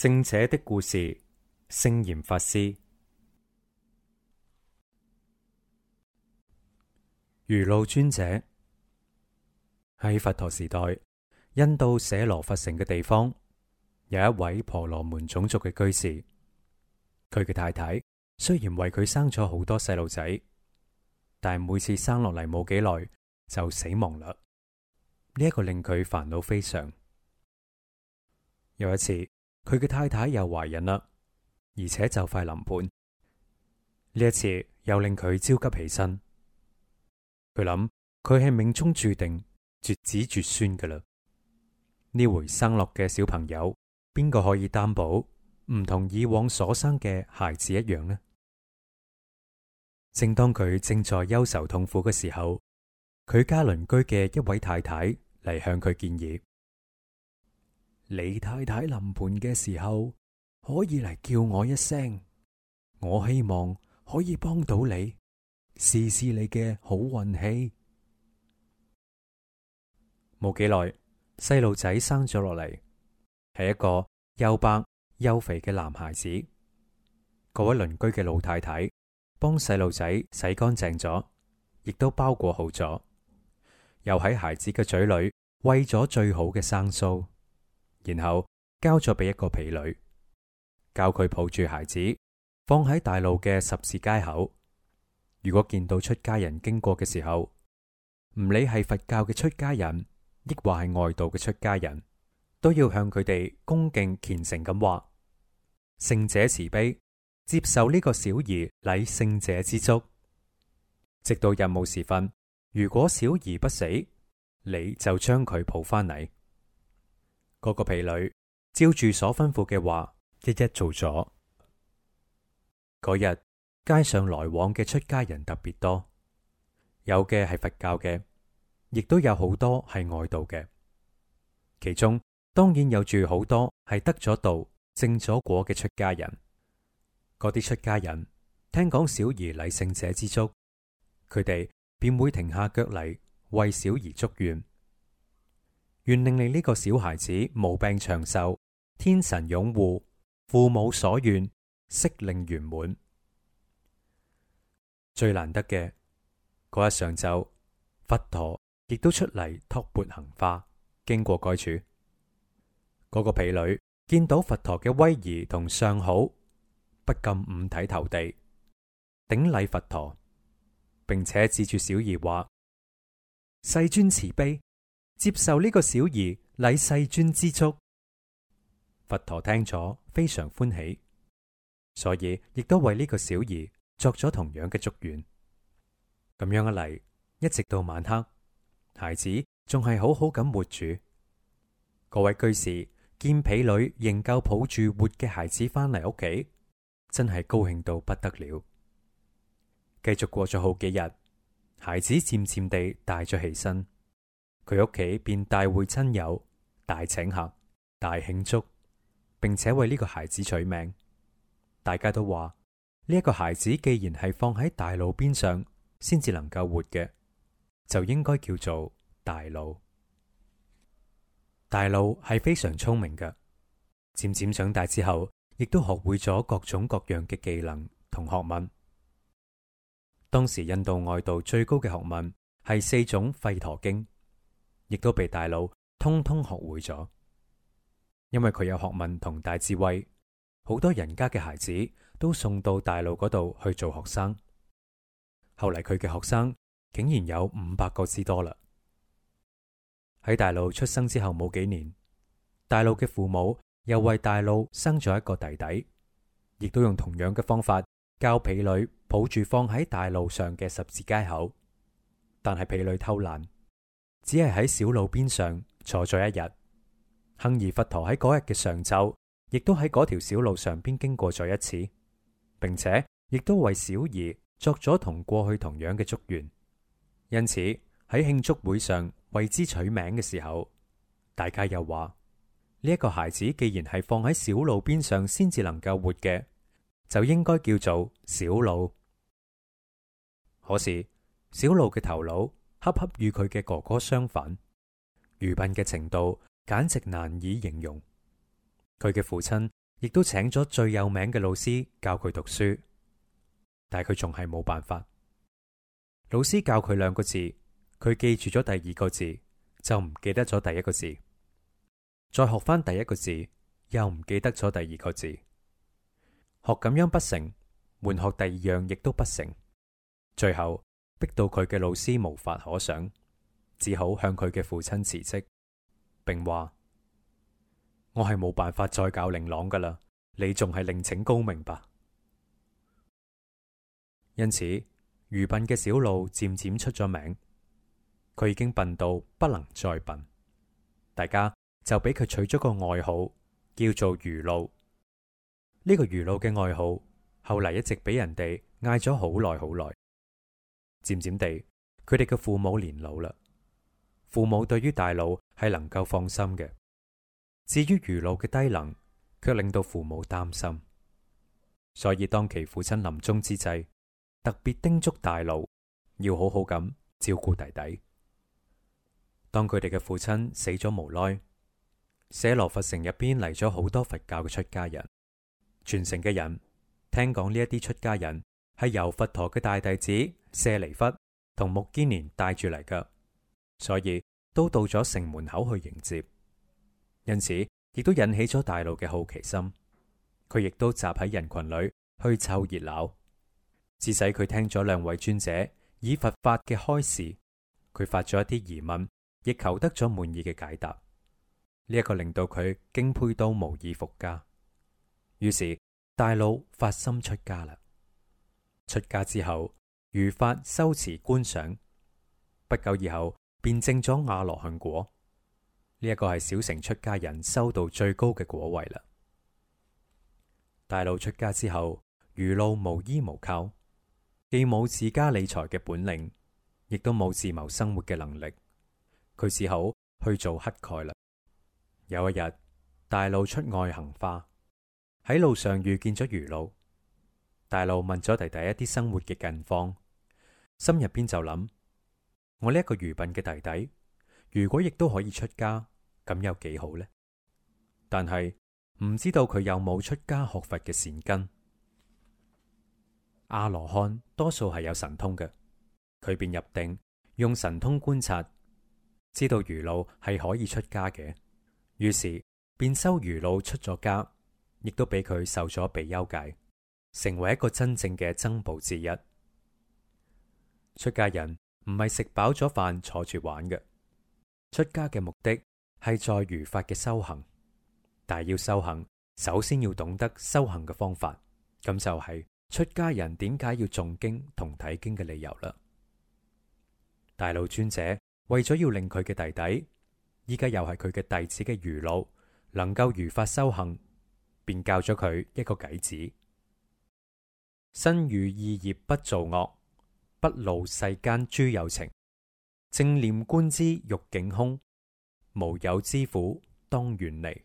聖者的故事，聖嚴法師。愚路尊者喺佛陀時代，印度舍羅佛城嘅地方，有一位婆羅門種族嘅居士。佢嘅太太雖然為佢生咗好多細路仔，但係每次生落嚟冇幾耐就死亡啦。呢、這、一個令佢煩惱非常。有一次。佢嘅太太又懷孕啦，而且就快臨盆。呢一次又令佢焦急起身。佢諗佢係命中注定絕子絕孫噶啦。呢回生落嘅小朋友，邊個可以擔保唔同以往所生嘅孩子一樣呢？正當佢正在憂愁痛苦嘅時候，佢家鄰居嘅一位太太嚟，向佢建議。李太太臨盆嘅時候，可以嚟，叫我一聲，我希望可以幫到你，試試你嘅好運氣。冇幾耐，細路仔生咗落嚟，係一個又白又肥嘅男孩子。各位鄰居嘅老太太幫細路仔洗乾淨咗，亦都包裹好咗，又喺孩子嘅嘴裏餵咗最好嘅生酥。然後交咗俾一個婢女，教佢抱住孩子，放喺大路嘅十字街口。如果見到出家人經過嘅時候，唔理係佛教嘅出家人，抑或係外道嘅出家人，都要向佢哋恭敬虔誠咁話：聖者慈悲，接受呢個小兒禮聖者之足。直到日暮時分，如果小兒不死，你就將佢抱返嚟。個個婢女照住所吩咐嘅話，一一做咗。嗰日街上來往嘅出家人特別多，有嘅係佛教嘅，亦都有好多係外道嘅。其中當然有住好多係得咗道、證咗果嘅出家人。嗰啲出家人聽講小兒禮聖者之足，佢哋便會停下腳嚟，為小兒祝願。願令你呢個小孩子無病長壽，天神擁護，父母所願，悉令圓滿。最難得嘅嗰日上晝，佛陀亦都出嚟托缽行化，經過該處，嗰、那個婢女見到佛陀嘅威儀同相好，不禁五體投地，頂禮佛陀，並且指住小兒話，世尊慈悲。接受呢個小兒禮世尊之足，佛陀聽咗非常歡喜，所以亦都為呢個小兒作咗同樣嘅祝願。咁樣一嚟，一直到晚黑，孩子仲係好好咁活住。各位居士見婢女仍舊抱住活嘅孩子返嚟屋企，真係高興到不得了。繼續過咗好幾日，孩子漸漸地大咗起身。佢屋企便大會親友、大請客、大慶祝，並且為呢個孩子取名。大家都話呢一個孩子既然係放喺大路邊上先至能夠活嘅，就應該叫做大路。大路係非常聰明嘅，漸漸長大之後，亦都學會咗各種各樣嘅技能同學問。當時印度外道最高嘅學問係四種吠陀經。亦都被大路通通學會咗，因為佢有學問同大智慧，好多人家嘅孩子都送到大路嗰度去做學生。後嚟佢嘅學生竟然有五百個之多啦。喺大路出生之後冇幾年，大路嘅父母又為大路生咗一個弟弟，亦都用同樣嘅方法教婢女抱住放喺大路上嘅十字街口，但係婢女偷懶。只係喺小路邊上坐咗一日，幸而佛陀喺嗰日嘅上晝，亦都喺嗰條小路上邊經過咗一次，並且亦都為小兒作咗同過去同樣嘅祝願。因此喺慶祝會上為之取名嘅時候，大家又話呢一個孩子既然係放喺小路邊上先至能夠活嘅，就應該叫做小路。可是小路嘅頭腦。恰恰與佢嘅哥哥相反，愚笨嘅程度簡直難以形容。佢嘅父親亦都請咗最有名嘅老師教佢讀書，但係佢仲係冇辦法。老師教佢兩個字，佢記住咗第二個字，就唔記得咗第一個字。再學翻第一個字，又唔記得咗第二個字。學咁樣不成，換學第二樣亦都不成，最後。逼到佢嘅老師無法可想，只好向佢嘅父親辭職，並話：我係冇辦法再教玲朗噶啦，你仲係另請高明吧。因此，愚笨嘅小路漸漸出咗名，佢已經笨到不能再笨，大家就俾佢取咗個外號叫做愚路。呢、這個愚路嘅外號後嚟一直俾人哋嗌咗好耐好耐。漸漸地，佢哋嘅父母年老啦。父母對於大佬係能夠放心嘅，至於愚路嘅低能，卻令到父母擔心。所以當其父親臨終之際，特別叮囑大佬要好好咁照顧弟弟。當佢哋嘅父親死咗無耐，舍羅佛城入邊嚟咗好多佛教嘅出家人，全城嘅人聽講呢一啲出家人係由佛陀嘅大弟子。舍利弗同目犍連帶住嚟噶，所以都到咗城門口去迎接，因此亦都引起咗大路嘅好奇心。佢亦都集喺人群裏去湊熱鬧，致使佢聽咗兩位尊者以佛法嘅開示，佢發咗一啲疑問，亦求得咗滿意嘅解答。呢一個令到佢敬佩到無以復加，於是大路發心出家啦。出家之後，如法修持觀想，不久以後便證咗阿羅漢果。呢、這、一個係小城出家人收到最高嘅果位啦。大路出家之後，愚路無依無靠，既冇自家理財嘅本領，亦都冇自謀生活嘅能力，佢只好去做乞丐啦。有一日，大路出外行化，喺路上遇見咗愚路。大路問咗弟弟一啲生活嘅近況，心入邊就諗：我呢一個愚笨嘅弟弟，如果亦都可以出家，咁有幾好呢？但」但係唔知道佢有冇出家學佛嘅善根。阿羅漢多數係有神通嘅，佢便入定，用神通觀察，知道愚路係可以出家嘅，於是便收愚路出咗家，亦都俾佢受咗比丘戒。成為一個真正嘅僧寶之一。出家人唔係食飽咗飯坐住玩嘅。出家嘅目的係在如法嘅修行，但係要修行，首先要懂得修行嘅方法。咁就係出家人點解要誦經同睇經嘅理由啦。大路尊者為咗要令佢嘅弟弟，依家，又係佢嘅弟子嘅愚路，能夠如法修行，便教咗佢一個偈子。身如二業不造惡，不惱世間諸有情。正念觀之欲境空，無有之苦當遠離。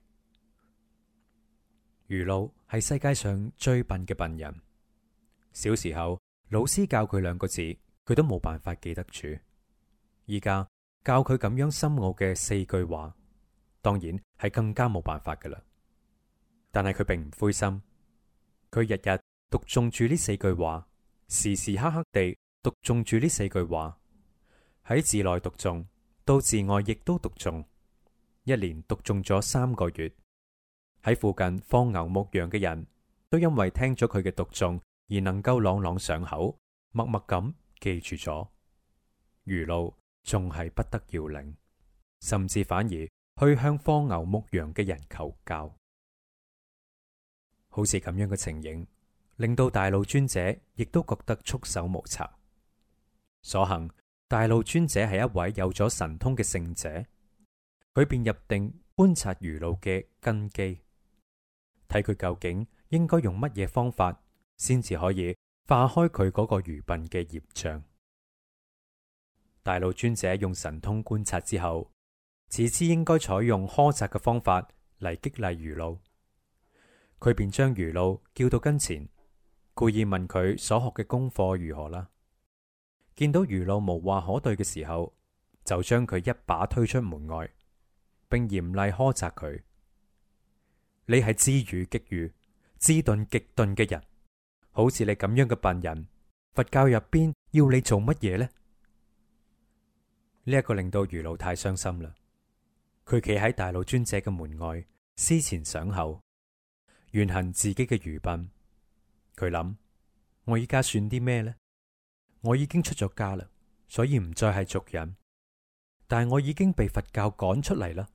愚路係世界上最笨嘅笨人。小時候老師教佢兩個字，佢都冇辦法記得住。依家教佢咁樣深奧嘅四句話，當然係更加冇辦法噶啦。但係佢並唔灰心，佢日日。讀誦住呢四句話，時時刻刻地讀誦住呢四句話，喺字內讀誦，到字外亦都讀誦，一連讀誦咗三個月。喺附近放牛牧羊嘅人，都因為聽咗佢嘅讀誦而能夠朗朗上口，默默咁記住咗。愚路仲係不得要領，甚至反而去向放牛牧羊嘅人求教，好似咁樣嘅情形。令到大路尊者亦都覺得束手無策。所幸大路尊者係一位有咗神通嘅聖者，佢便入定觀察愚路嘅根基，睇佢究竟應該用乜嘢方法先至可以化開佢嗰個愚笨嘅業障。大路尊者用神通觀察之後，始知應該採用苛責嘅方法嚟激勵愚路。佢便將愚路叫到跟前。故意問佢所學嘅功課如何啦，見到愚路無話可對嘅時候，就將佢一把推出門外，並嚴厲苛責佢：你係至愚極愚、至鈍極鈍嘅人，好似你咁樣嘅笨人，佛教入邊要你做乜嘢呢？呢、這、一個令到愚路太傷心啦！佢企喺大路尊者嘅門外思前想後，怨恨自己嘅愚笨。佢諗：我而家算啲咩呢？我已經出咗家啦，所以唔再係俗人。但係我已經被佛教趕出嚟啦，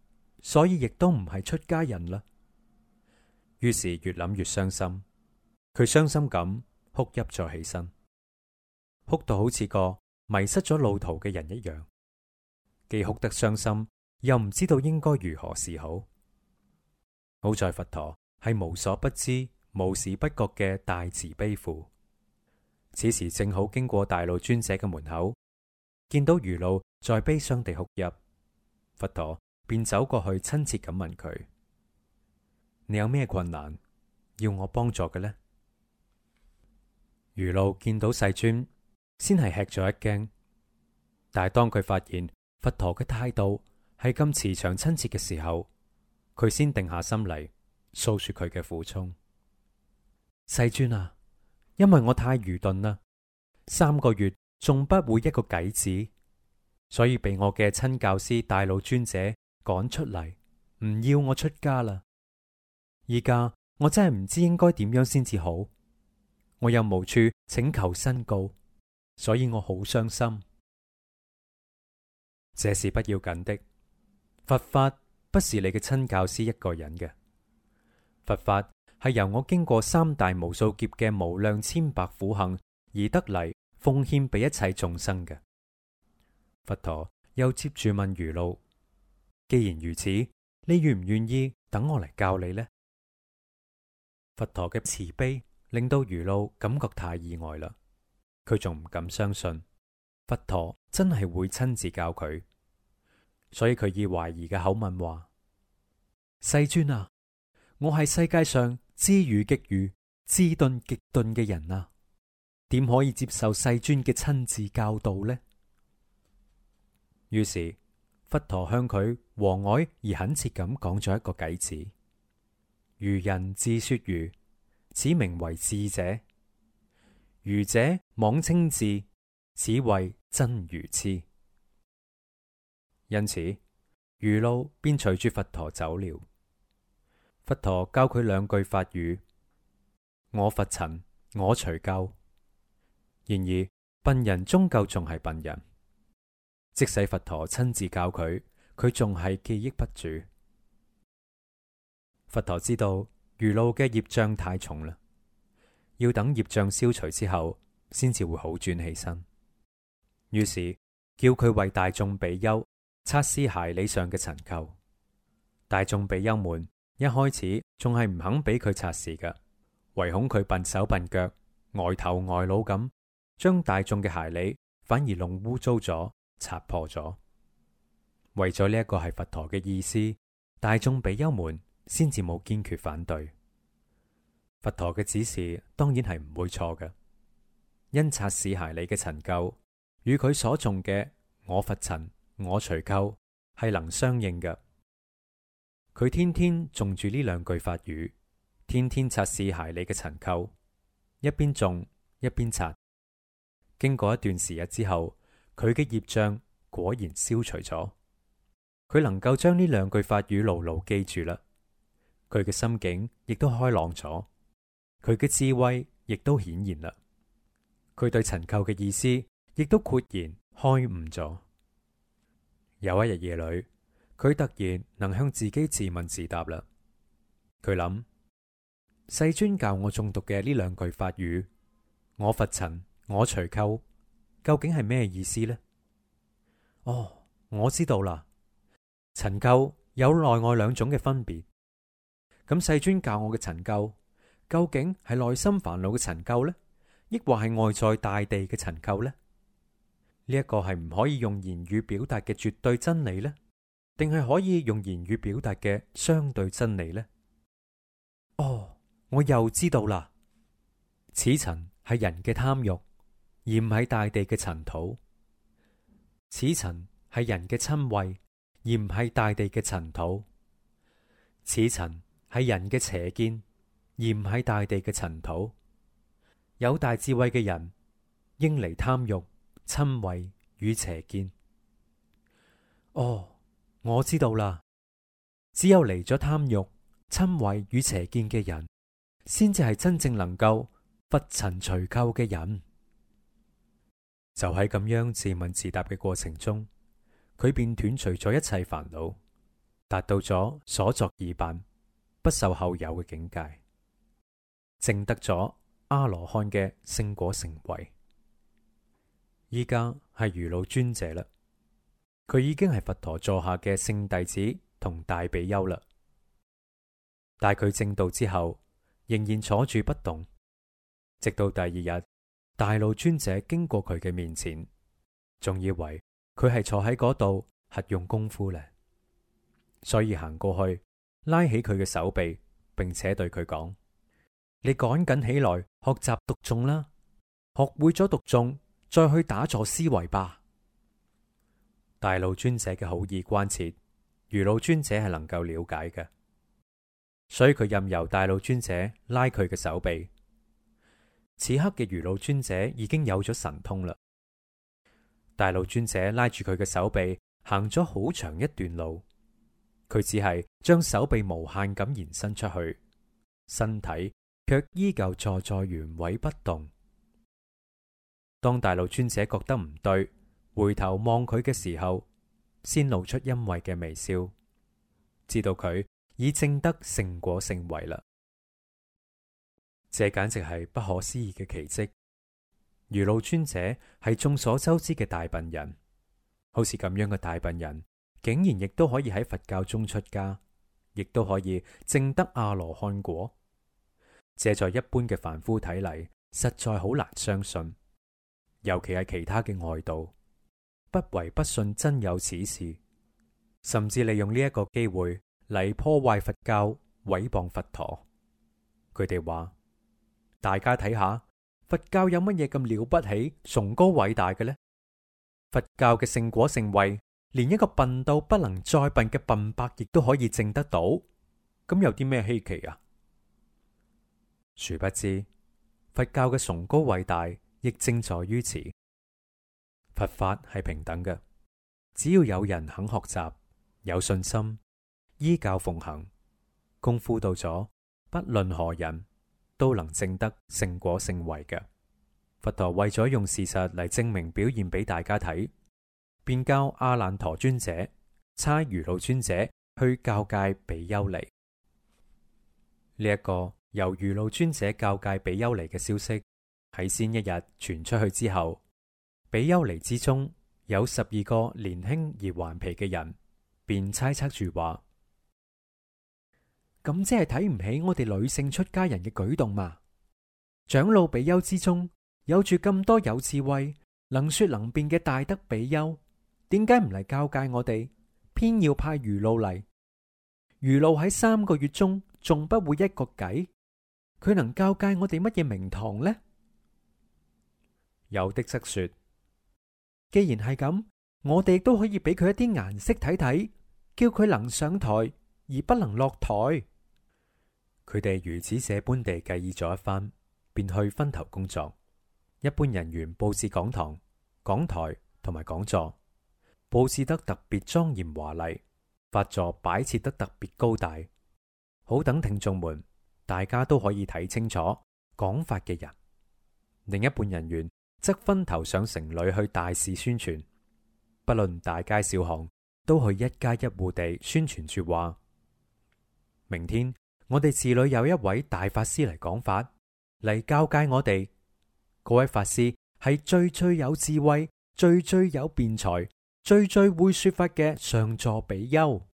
所以亦都唔係出家人啦。於是越諗越傷心，佢傷心咁哭泣咗起身，哭到好似個迷失咗路途嘅人一樣，既哭得傷心，又唔知道應該如何是好。好在佛陀係無所不知。無時不覺嘅大慈悲父，此時正好經過大路尊者嘅門口，見到愚路在悲傷地哭泣，佛陀便走過去，親切咁問佢：「你有咩困難要我幫助嘅呢？」愚路見到世尊，先係吃咗一驚，但係當佢發現佛陀嘅態度係咁慈祥親切嘅時候，佢先定下心嚟訴說佢嘅苦衷。世尊啊，因為我太愚鈍啦，三個月仲不會一個偈子，所以被我嘅親教師大路尊者趕出嚟，唔要我出家啦。依家我真係唔知應該點樣先至好，我又無處請求申告，所以我好傷心。這是不要緊的，佛法不是你嘅親教師一個人嘅，佛法，係由我經過三大無數劫嘅無量千百苦行而得嚟，奉獻俾一切眾生嘅。佛陀又接住問愚路，既然如此，你願唔願意等我嚟教你呢？佛陀嘅慈悲令到愚路感覺太意外啦，佢仲唔敢相信佛陀真係會親自教佢，所以佢以懷疑嘅口吻話，世尊啊，我係世界上。知愚極愚，知頓極頓嘅人啊，點可以接受世尊嘅親自教導呢？於是佛陀向佢和藹而懇切咁講咗一個偈子：愚人自說愚，此名為智者；愚者妄稱智，此為真愚痴。因此，愚路便隨住佛陀走了。佛陀教佢兩句法語：我佛塵，我除垢。然而，笨人終究仲係笨人，即使佛陀親自教佢，佢仲係記憶不住。佛陀知道愚路嘅業障太重啦，要等業障消除之後，先至會好轉起身。於是叫佢為大眾比丘擦絲鞋履上嘅塵垢。大眾比丘們。一開始仲係唔肯俾佢擦拭嘅，唯恐佢笨手笨腳、呆頭呆腦咁，將大眾嘅鞋履反而弄污糟咗、擦破咗。為咗呢一個係佛陀嘅意思，大眾比丘們先至冇堅決反對。佛陀嘅指示當然係唔會錯嘅，因擦拭鞋履嘅塵垢與佢所誦嘅我拂塵、我除垢係能相應嘅。佢天天種住呢兩句法語，天天擦拭鞋裏嘅塵垢，一邊種一邊擦。經過一段時日之後，佢嘅業障果然消除咗。佢能夠將呢兩句法語牢牢記住啦，佢嘅心境亦都開朗咗，佢嘅智慧亦都顯現啦，佢對塵垢嘅意思亦都豁然開悟咗。有一日夜裏。佢突然能向自己自問自答啦。佢諗，世尊教我誦讀嘅呢兩句法語，我佛塵我除垢，究竟係咩意思呢？哦，我知道啦。塵垢有內外兩種嘅分別。咁世尊教我嘅塵垢，究竟係內心煩惱嘅塵垢呢，抑或係外在大地嘅塵垢呢？呢、這、一個係唔可以用言語表達嘅絕對真理呢？定係可以用言語表達嘅相對真理呢？哦，我又知道啦。此塵係人嘅貪欲，而唔係大地嘅塵土；此塵係人嘅瞋恚，而唔係大地嘅塵土；此塵係人嘅邪見，而唔係大地嘅塵土。有大智慧嘅人應離貪欲、瞋恚與邪見。哦。我知道啦，只有離咗貪欲、瞋恚與邪見嘅人，先至係真正能夠拂塵除垢嘅人。就喺咁樣自問自答嘅過程中，佢便斷除咗一切煩惱，達到咗所作已辦、不受後有嘅境界，證得咗阿羅漢嘅聖果成，成為依家係愚路尊者啦。佢已經係佛陀座下嘅聖弟子同大比丘啦，但佢證道之後，仍然坐住不動，直到第二日，大路尊者經過佢嘅面前，仲以為佢係坐喺嗰度核用功夫呢。所以行過去拉起佢嘅手臂，並且對佢講：「你趕緊起來學習讀誦啦，學會咗讀誦，再去打坐思維吧。大路尊者嘅好意關切，愚路尊者係能夠了解嘅，所以佢任由大路尊者拉佢嘅手臂。此刻嘅愚路尊者已經有咗神通啦，大路尊者拉住佢嘅手臂，行咗好長一段路，佢只係將手臂無限咁延伸出去，身體卻依舊坐在原位不動。當大路尊者覺得唔對。回頭望佢嘅時候，先露出欣慰嘅微笑，知道佢已證得聖果聖位啦。這簡直係不可思議嘅奇蹟。愚路尊者係眾所周知嘅大笨人，好似咁樣嘅大笨人，竟然亦都可以喺佛教中出家，亦都可以證得阿羅漢果。這在一般嘅凡夫睇嚟，實在好難相信，尤其係其他嘅外道。不為不信真有此事，甚至利用呢一個機會嚟破壞佛教、毀謗佛陀。佢哋話：大家睇下佛教有乜嘢咁了不起、崇高偉大嘅呢？佛教嘅聖果聖位，連一個笨到不能再笨嘅笨伯亦都可以證得到，咁有啲咩稀奇啊？殊不知佛教嘅崇高偉大亦正在於此。佛法係平等嘅，只要有人肯學習、有信心、依教奉行，功夫到咗，不論何人都能證得聖果聖位嘅。佛陀為咗用事實嚟證明、表現俾大家睇，便教阿難陀尊者差愚路尊者去教誡比丘尼。呢、這、一個由愚路尊者教戒比丘尼嘅消息喺先一日傳出去之後。比丘尼之中有十二個年輕而頑皮嘅人，便猜測住話：咁即係睇唔起我哋女性出家人嘅舉動嘛？長老比丘之中有住咁多有智慧、能說能辯嘅大德比丘，點解唔嚟教誡我哋？偏要派愚路嚟？愚路喺三個月中仲不會一個偈，佢能教誡我哋乜嘢名堂呢？有的則說。既然係咁，我哋都可以俾佢一啲顏色睇睇，叫佢能上台而不能落台。佢哋如此這般地計議咗一番，便去分頭工作。一半人員布置講堂、講台同埋講座，布置得特別莊嚴華麗，法座擺設得特別高大，好等聽眾們大家都可以睇清楚講法嘅人。另一半人員。則分頭上城裏去大肆宣傳，不論大街小巷，都去一家一戶地宣傳說話。明天我哋寺裏有一位大法師嚟講法，嚟教誡我哋。嗰位法師係最最有智慧、最最有辯才、最最會說法嘅上座比丘。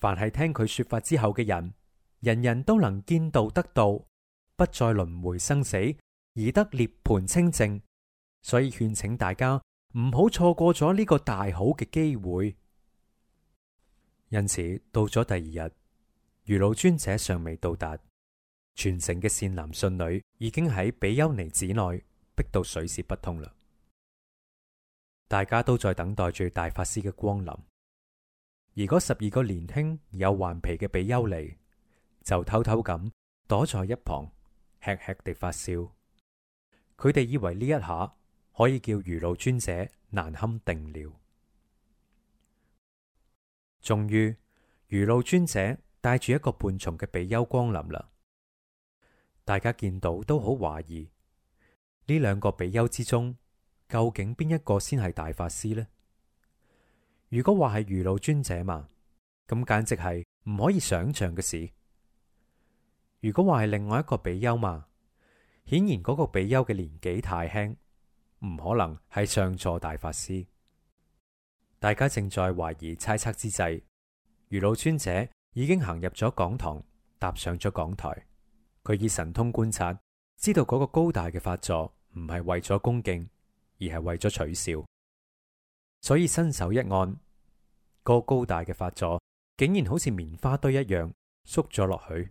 凡係聽佢說法之後嘅人，人人都能見道得道，不再輪回生死，而得涅槃清淨。所以勸請大家唔好錯過咗呢個大好嘅機會。因此到咗第二日，愚路尊者尚未到達，全城嘅善男信女已經喺比丘尼寺內逼到水泄不通啦。大家都在等待住大法師嘅光臨，而嗰十二個年輕有頑皮嘅比丘尼就偷偷咁躲在一旁，吃吃地發笑。佢哋以為呢一下。可以叫愚路尊者難堪定了。終於愚路尊者帶住一個伴從嘅比丘光臨啦，大家見到都好懷疑呢兩個比丘之中究竟邊一個先係大法師呢？如果話係愚路尊者嘛，咁簡直係唔可以想象嘅事；如果話係另外一個比丘嘛，顯然嗰個比丘嘅年紀太輕。唔可能係上座大法師，大家正在懷疑猜測之際，愚路尊者已經行入咗講堂，踏上咗講台。佢以神通觀察，知道嗰個高大嘅法座唔係為咗恭敬，而係為咗取笑。所以伸手一按，嗰個高大嘅法座竟然好似棉花堆一樣縮咗落去。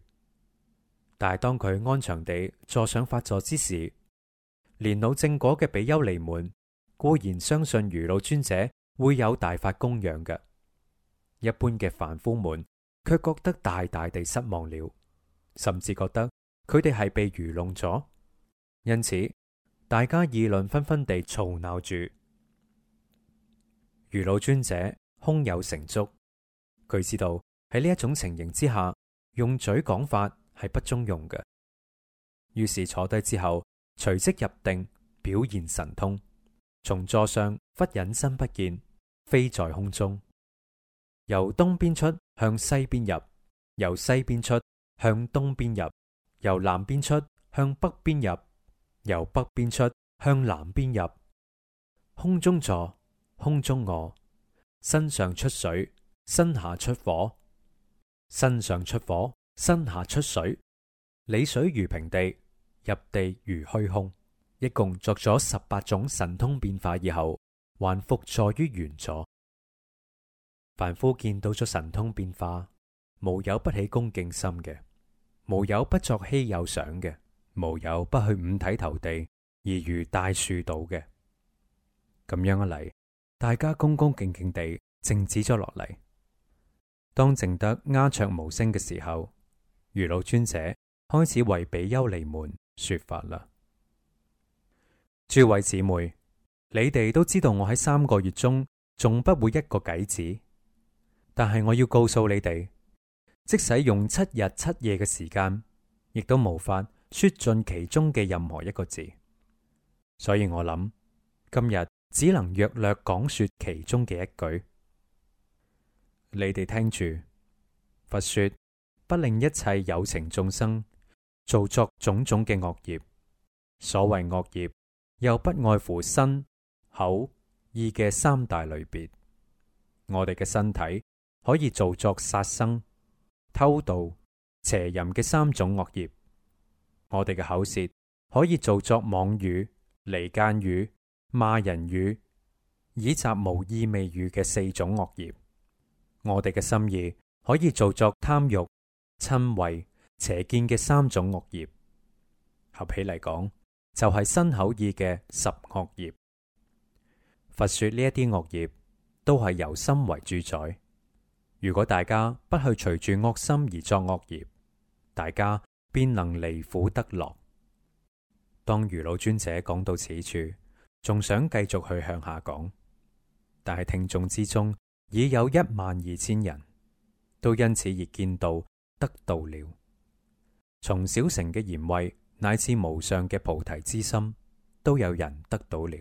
但係當佢安詳地坐上法座之時，年老正果嘅比丘尼們固然相信愚路尊者會有大法供養嘅，一般嘅凡夫們卻覺得大大地失望了，甚至覺得佢哋係被愚弄咗。因此，大家議論紛紛地嘈吵鬧住。愚路尊者空有成竹，佢知道喺呢一種情形之下，用嘴講法係不中用嘅，於是坐低之後。隨即入定，表現神通。從座上忽隱身不見，飛在空中。由東邊出，向西邊入；由西邊出，向東邊入；由南邊出，向北邊入；由北邊出，向南邊入。空中坐，空中臥，身上出水，身下出火；身上出火，身下出水，履水如平地。入地如虛空，一共作咗十八種神通變化以後，還復坐於原座。凡夫見到咗神通變化，無有不起恭敬心嘅，無有不作希有想嘅，無有不去五體投地而如大樹倒嘅。咁樣一嚟，大家恭恭敬敬地靜止咗落嚟。當靜得鴉雀無聲嘅時候，愚路尊者開始為比丘尼們，說法啦，諸位姊妹，你哋都知道我喺三個月中仲不會一個偈子，但係我要告訴你哋，即使用七日七夜嘅時間，亦都無法說盡其中嘅任何一個字，所以我諗今日只能約略講說其中嘅一句，你哋聽住，佛說不令一切有情眾生。做作種種嘅惡業，所謂惡業，又不外乎身、口、意嘅三大類別。我哋嘅身體可以做作殺生、偷盜、邪淫嘅三種惡業；我哋嘅口舌可以做作妄語、離間語、罵人語，以及無意味語嘅四種惡業；我哋嘅心意可以做作貪欲、嗔恚。邪見嘅三種惡業合起嚟講，就係身口意嘅十惡業。佛說呢一啲惡業都係由心為主宰。如果大家不去隨住惡心而作惡業，大家便能離苦得樂。當愚路尊者講到此處，仲想繼續去向下講，但係聽眾之中已有一萬二千人，都因此而見到得到了。從小城嘅賢慧，乃至無上嘅菩提之心，都有人得到了。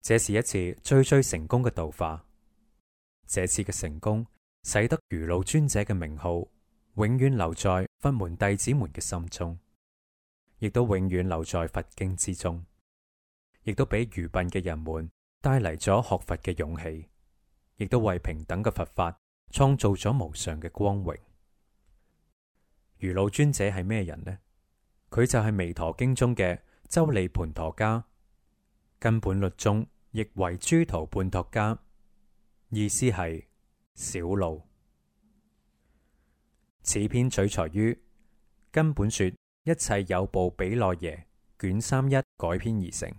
這是一次最最成功嘅道化。這次嘅成功，使得愚路尊者嘅名號永遠留在佛門弟子們嘅心中，亦都永遠留在佛經之中，亦都俾愚笨嘅人們帶嚟咗學佛嘅勇氣，亦都為平等嘅佛法創造咗無上嘅光榮。愚路尊者係咩人呢？佢就係《彌陀經》中嘅周利盤陀家，根本律中亦為諸陀盤陀家，意思係小路。此篇取材於《根本說一切有部毗奈耶》卷三一改編而成。